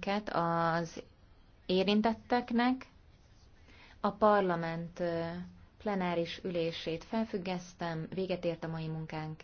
figyelmünket az érintetteknek. A parlament plenáris ülését felfüggesztem, véget ért a mai munkánk.